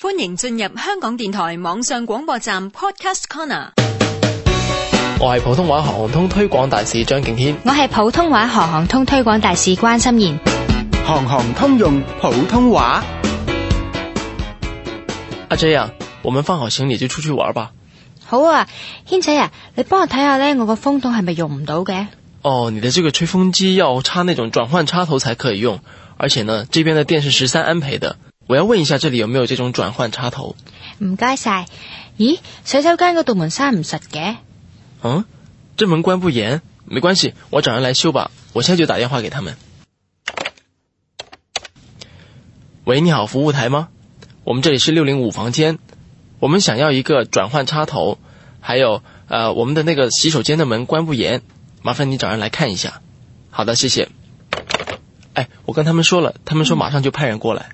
歡迎進入香港電台網上廣播站 Podcast Corner。我係普通話行行通推廣大使張敬軒，我係普通話行行通推廣大使關心妍。行行通用普通話。阿 J 啊，我們放好行李就出去玩吧。好啊，軒仔啊，你幫我睇下咧，我個風筒係咪用唔到嘅？哦，你的這個吹風機要插那種轉換插頭才可以用，而且呢，這邊的電是十三安培的。我要問一下，這裏有沒有這種轉換插頭？唔該晒。咦，洗手間個道門閂唔實嘅。嗯，這門關不嚴，沒關係，我找人來修吧。我現在就打電話給他們。喂，你好，服務台嗎？我們這裏是六零五房間，我們想要一個轉換插頭，還有呃，我們的那個洗手間的門關不嚴，麻煩你找人來看一下。好的，謝謝。哎，我跟他們說了，他們說馬上就派人過來。